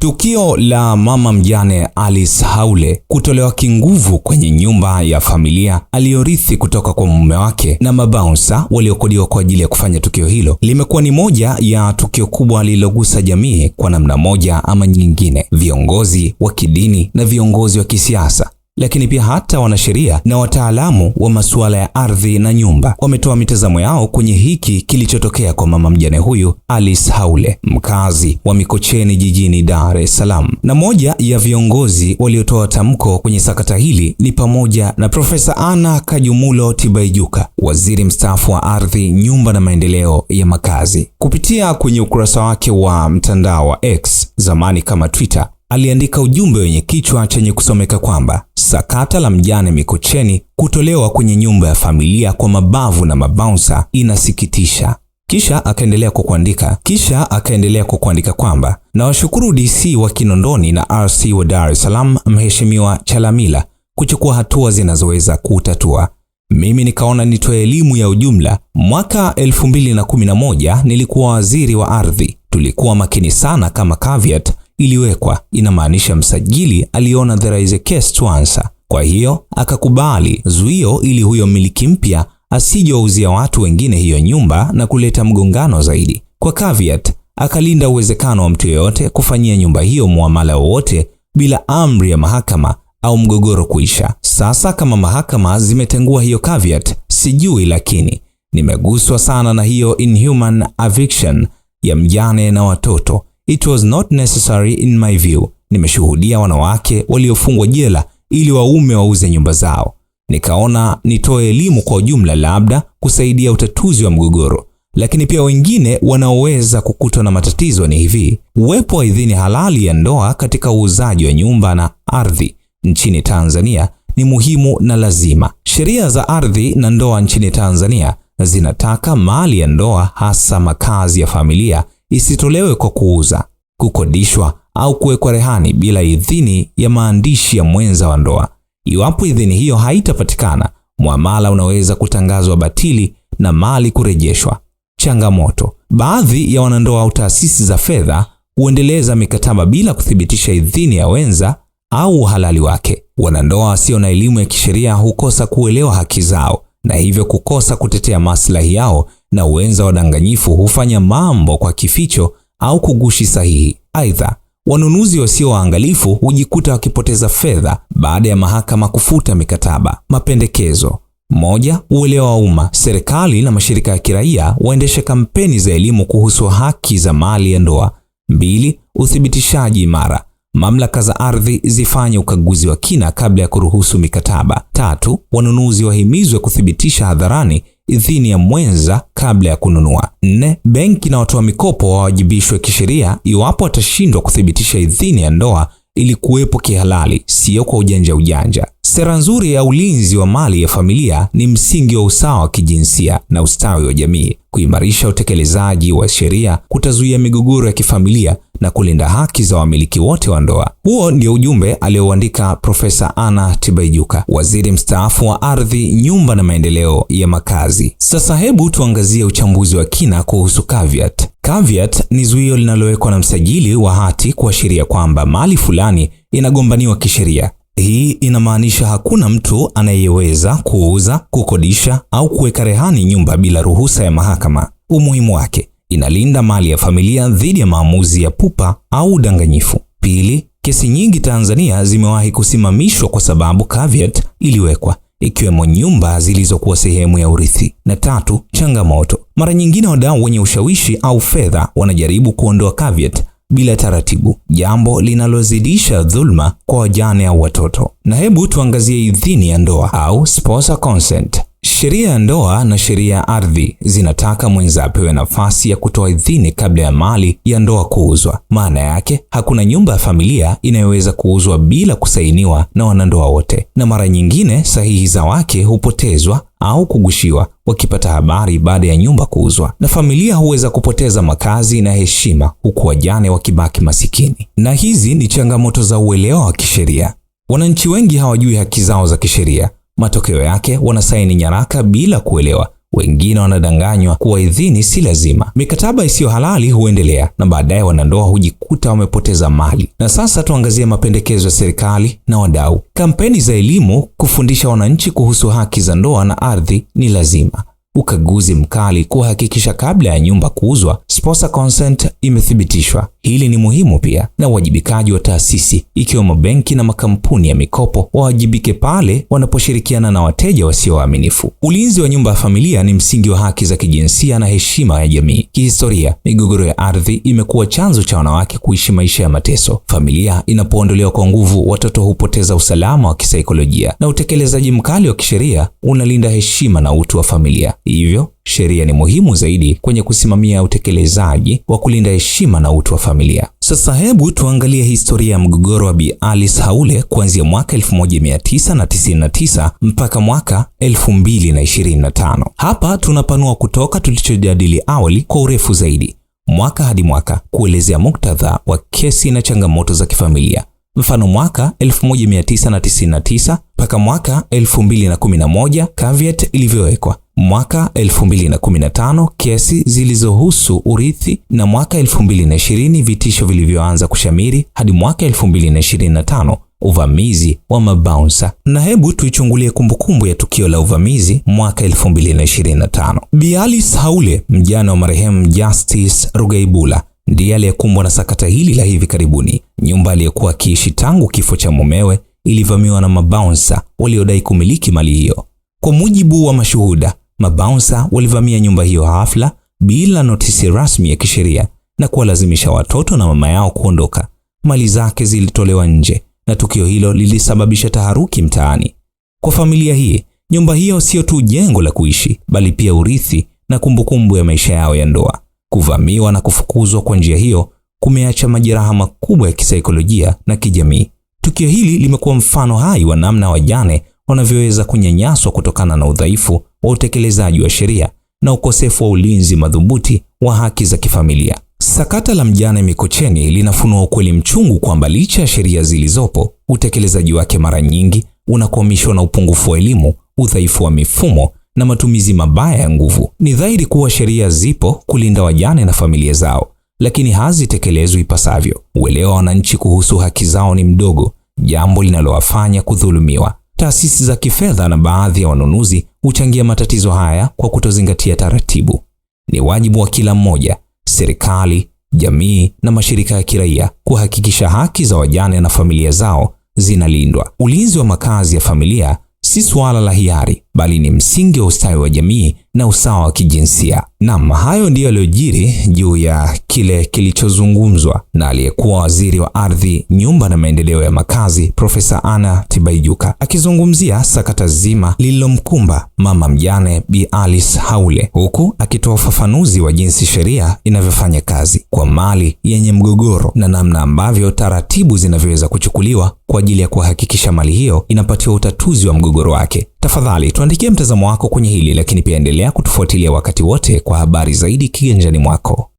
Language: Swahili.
Tukio la mama mjane Alice Haule kutolewa kinguvu kwenye nyumba ya familia aliyorithi kutoka kwa mume wake na mabaunsa waliokodiwa kwa ajili ya kufanya tukio hilo limekuwa ni moja ya tukio kubwa lililogusa jamii kwa namna moja ama nyingine. Viongozi wa kidini na viongozi wa kisiasa lakini pia hata wanasheria na wataalamu wa masuala ya ardhi na nyumba wametoa mitazamo yao kwenye hiki kilichotokea kwa mama mjane huyu Alice Haule, mkazi wa Mikocheni jijini Dar es Salaam. Na moja ya viongozi waliotoa tamko kwenye sakata hili ni pamoja na Profesa Anna Kajumulo Tibaijuka, waziri mstaafu wa ardhi, nyumba na maendeleo ya makazi. Kupitia kwenye ukurasa wake wa mtandao wa X, zamani kama Twitter, aliandika ujumbe wenye kichwa chenye kusomeka kwamba sakata la mjane Mikocheni kutolewa kwenye nyumba ya familia kwa mabavu na mabaunsa inasikitisha. Kisha akaendelea kwa kuandika kisha akaendelea kwa kuandika kwamba nawashukuru DC wa Kinondoni na RC wa Dar es Salaam, Mheshimiwa Chalamila kuchukua hatua zinazoweza kutatua. Mimi nikaona nitoe elimu ya ujumla. Mwaka 2011 nilikuwa waziri wa ardhi, tulikuwa makini sana kama caveat iliwekwa, inamaanisha msajili aliona there is a case to answer. Kwa hiyo akakubali zuio ili huyo mmiliki mpya asijewauzia watu wengine hiyo nyumba na kuleta mgongano zaidi. Kwa caveat, akalinda uwezekano wa mtu yeyote kufanyia nyumba hiyo muamala wowote bila amri ya mahakama au mgogoro kuisha. Sasa kama mahakama zimetengua hiyo caveat, sijui, lakini nimeguswa sana na hiyo inhuman eviction ya mjane na watoto It was not necessary in my view. Nimeshuhudia wanawake waliofungwa jela ili waume wauze nyumba zao. Nikaona nitoe elimu kwa ujumla, labda kusaidia utatuzi wa mgogoro. Lakini pia wengine wanaoweza kukutwa na matatizo ni hivi: uwepo wa idhini halali ya ndoa katika uuzaji wa nyumba na ardhi nchini Tanzania ni muhimu na lazima. Sheria za ardhi na ndoa nchini Tanzania zinataka mali ya ndoa, hasa makazi ya familia, isitolewe kwa kuuza, kukodishwa au kuwekwa rehani bila idhini ya maandishi ya mwenza wa ndoa. Iwapo idhini hiyo haitapatikana, muamala unaweza kutangazwa batili na mali kurejeshwa. Changamoto: baadhi ya wanandoa au taasisi za fedha huendeleza mikataba bila kuthibitisha idhini ya wenza au uhalali wake. Wanandoa wasio na elimu ya kisheria hukosa kuelewa haki zao na hivyo kukosa kutetea maslahi yao na wenza wadanganyifu hufanya mambo kwa kificho au kugushi sahihi. Aidha, wanunuzi wasio waangalifu hujikuta wakipoteza fedha baada ya mahakama kufuta mikataba. Mapendekezo: moja, uelewa wa umma. Serikali na mashirika ya kiraia waendeshe kampeni za elimu kuhusu haki za mali ya ndoa. Mbili, uthibitishaji imara. Mamlaka za ardhi zifanye ukaguzi wa kina kabla ya kuruhusu mikataba. Tatu, wanunuzi wahimizwe kuthibitisha hadharani idhini ya mwenza kabla ya kununua. Nne, benki na watoa mikopo wawajibishwe kisheria iwapo watashindwa kuthibitisha idhini ya ndoa ili kuwepo kihalali, siyo kwa ujanja ujanja. Sera nzuri ya ulinzi wa mali ya familia ni msingi wa usawa wa kijinsia na ustawi wa jamii. Kuimarisha utekelezaji wa sheria kutazuia migogoro ya kifamilia na kulinda haki za wamiliki wote wa ndoa. Huo ndio ujumbe aliyouandika Profesa Anna Tibaijuka, waziri mstaafu wa ardhi, nyumba na maendeleo ya makazi. Sasa hebu tuangazie uchambuzi wa kina kuhusu caveat. Caveat ni zuio linalowekwa na msajili wa hati kuashiria kwamba mali fulani inagombaniwa kisheria. Hii inamaanisha hakuna mtu anayeweza kuuza, kukodisha au kuweka rehani nyumba bila ruhusa ya mahakama. Umuhimu wake inalinda mali ya familia dhidi ya maamuzi ya pupa au udanganyifu. Pili, kesi nyingi Tanzania zimewahi kusimamishwa kwa sababu caveat iliwekwa ikiwemo nyumba zilizokuwa sehemu ya urithi. Na tatu, changamoto. Mara nyingine wadau wenye ushawishi au fedha wanajaribu kuondoa caveat bila taratibu, jambo linalozidisha dhulma kwa wajane au watoto. Na hebu tuangazie idhini ya ndoa au spousal consent. Sheria ya ndoa na sheria ya ardhi zinataka mwenza apewe nafasi ya kutoa idhini kabla ya mali ya ndoa kuuzwa. Maana yake hakuna nyumba ya familia inayoweza kuuzwa bila kusainiwa na wanandoa wote, na mara nyingine sahihi za wake hupotezwa au kugushiwa wakipata habari baada ya nyumba kuuzwa, na familia huweza kupoteza makazi na heshima, huku wajane wakibaki masikini. Na hizi ni changamoto za uelewa wa kisheria. Wananchi wengi hawajui haki zao za kisheria Matokeo yake wanasaini nyaraka bila kuelewa. Wengine wanadanganywa kuwa idhini si lazima. Mikataba isiyo halali huendelea na baadaye wanandoa hujikuta wamepoteza mali. Na sasa tuangazie mapendekezo ya serikali na wadau. Kampeni za elimu kufundisha wananchi kuhusu haki za ndoa na ardhi ni lazima ukaguzi mkali kuhakikisha kabla ya nyumba kuuzwa sponsor consent imethibitishwa. Hili ni muhimu pia, na uwajibikaji wa taasisi ikiwemo benki na makampuni ya mikopo wawajibike pale wanaposhirikiana na wateja wasio waaminifu. Ulinzi wa nyumba ya familia ni msingi wa haki za kijinsia na heshima ya jamii. Kihistoria, migogoro ya ardhi imekuwa chanzo cha wanawake kuishi maisha ya mateso. Familia inapoondolewa kwa nguvu, watoto hupoteza usalama wa kisaikolojia, na utekelezaji mkali wa kisheria unalinda heshima na utu wa familia. Hivyo sheria ni muhimu zaidi kwenye kusimamia utekelezaji wa kulinda heshima na utu wa familia. Sasa hebu tuangalie historia ya mgogoro wa Bi Alice Haule kuanzia mwaka 1999 mpaka mwaka 2025. Hapa tunapanua kutoka tulichojadili awali kwa urefu zaidi, mwaka hadi mwaka, kuelezea muktadha wa kesi na changamoto za kifamilia mfano mwaka 1999 mpaka mwaka 2011 caveat ilivyowekwa mwaka 2015 kesi zilizohusu urithi na mwaka 2020 vitisho vilivyoanza kushamiri hadi mwaka 2025 uvamizi wa mabaunsa. Na hebu tuichungulie kumbukumbu ya tukio la uvamizi mwaka 2025. bialis Haule, mjane wa marehemu Justice Rugaibula, ndiye aliyekumbwa na sakata hili la hivi karibuni. Nyumba aliyokuwa akiishi tangu kifo cha mumewe ilivamiwa na mabaunsa waliodai kumiliki mali hiyo. Kwa mujibu wa mashuhuda, mabaunsa walivamia nyumba hiyo hafla bila notisi rasmi ya kisheria na kuwalazimisha watoto na mama yao kuondoka. Mali zake zilitolewa nje na tukio hilo lilisababisha taharuki mtaani. Kwa familia hii, nyumba hiyo sio tu jengo la kuishi, bali pia urithi na kumbukumbu ya maisha yao ya ndoa. Kuvamiwa na kufukuzwa kwa njia hiyo kumeacha majeraha makubwa ya kisaikolojia na kijamii. Tukio hili limekuwa mfano hai wa namna wajane wanavyoweza kunyanyaswa kutokana na udhaifu wa utekelezaji wa sheria na ukosefu wa ulinzi madhubuti wa haki za kifamilia. Sakata la mjane Mikocheni linafunua ukweli mchungu kwamba licha ya sheria zilizopo, utekelezaji wake mara nyingi unakwamishwa na upungufu wa elimu, udhaifu wa mifumo na matumizi mabaya ya nguvu. Ni dhahiri kuwa sheria zipo kulinda wajane na familia zao, lakini hazitekelezwi ipasavyo. Uelewa wa wananchi kuhusu haki zao ni mdogo, jambo linalowafanya kudhulumiwa. Taasisi za kifedha na baadhi ya wanunuzi huchangia matatizo haya kwa kutozingatia taratibu. Ni wajibu wa kila mmoja, serikali, jamii na mashirika ya kiraia kuhakikisha haki za wajane na familia zao zinalindwa. Ulinzi wa makazi ya familia si suala la hiari, bali ni msingi wa ustawi wa jamii na usawa wa kijinsia. Naam, hayo ndiyo yaliyojiri juu ya kile kilichozungumzwa na aliyekuwa waziri wa ardhi, nyumba na maendeleo ya makazi, Profesa Anna Tibaijuka akizungumzia sakata zima lililomkumba mama mjane Bi Alice Haule, huku akitoa ufafanuzi wa jinsi sheria inavyofanya kazi kwa mali yenye mgogoro na namna ambavyo taratibu zinavyoweza kuchukuliwa kwa ajili ya kuhakikisha mali hiyo inapatiwa utatuzi wa mgogoro wake. Tafadhali tuandikie mtazamo wako kwenye hili lakini pia endelea kutufuatilia wakati wote kwa habari zaidi kiganjani mwako.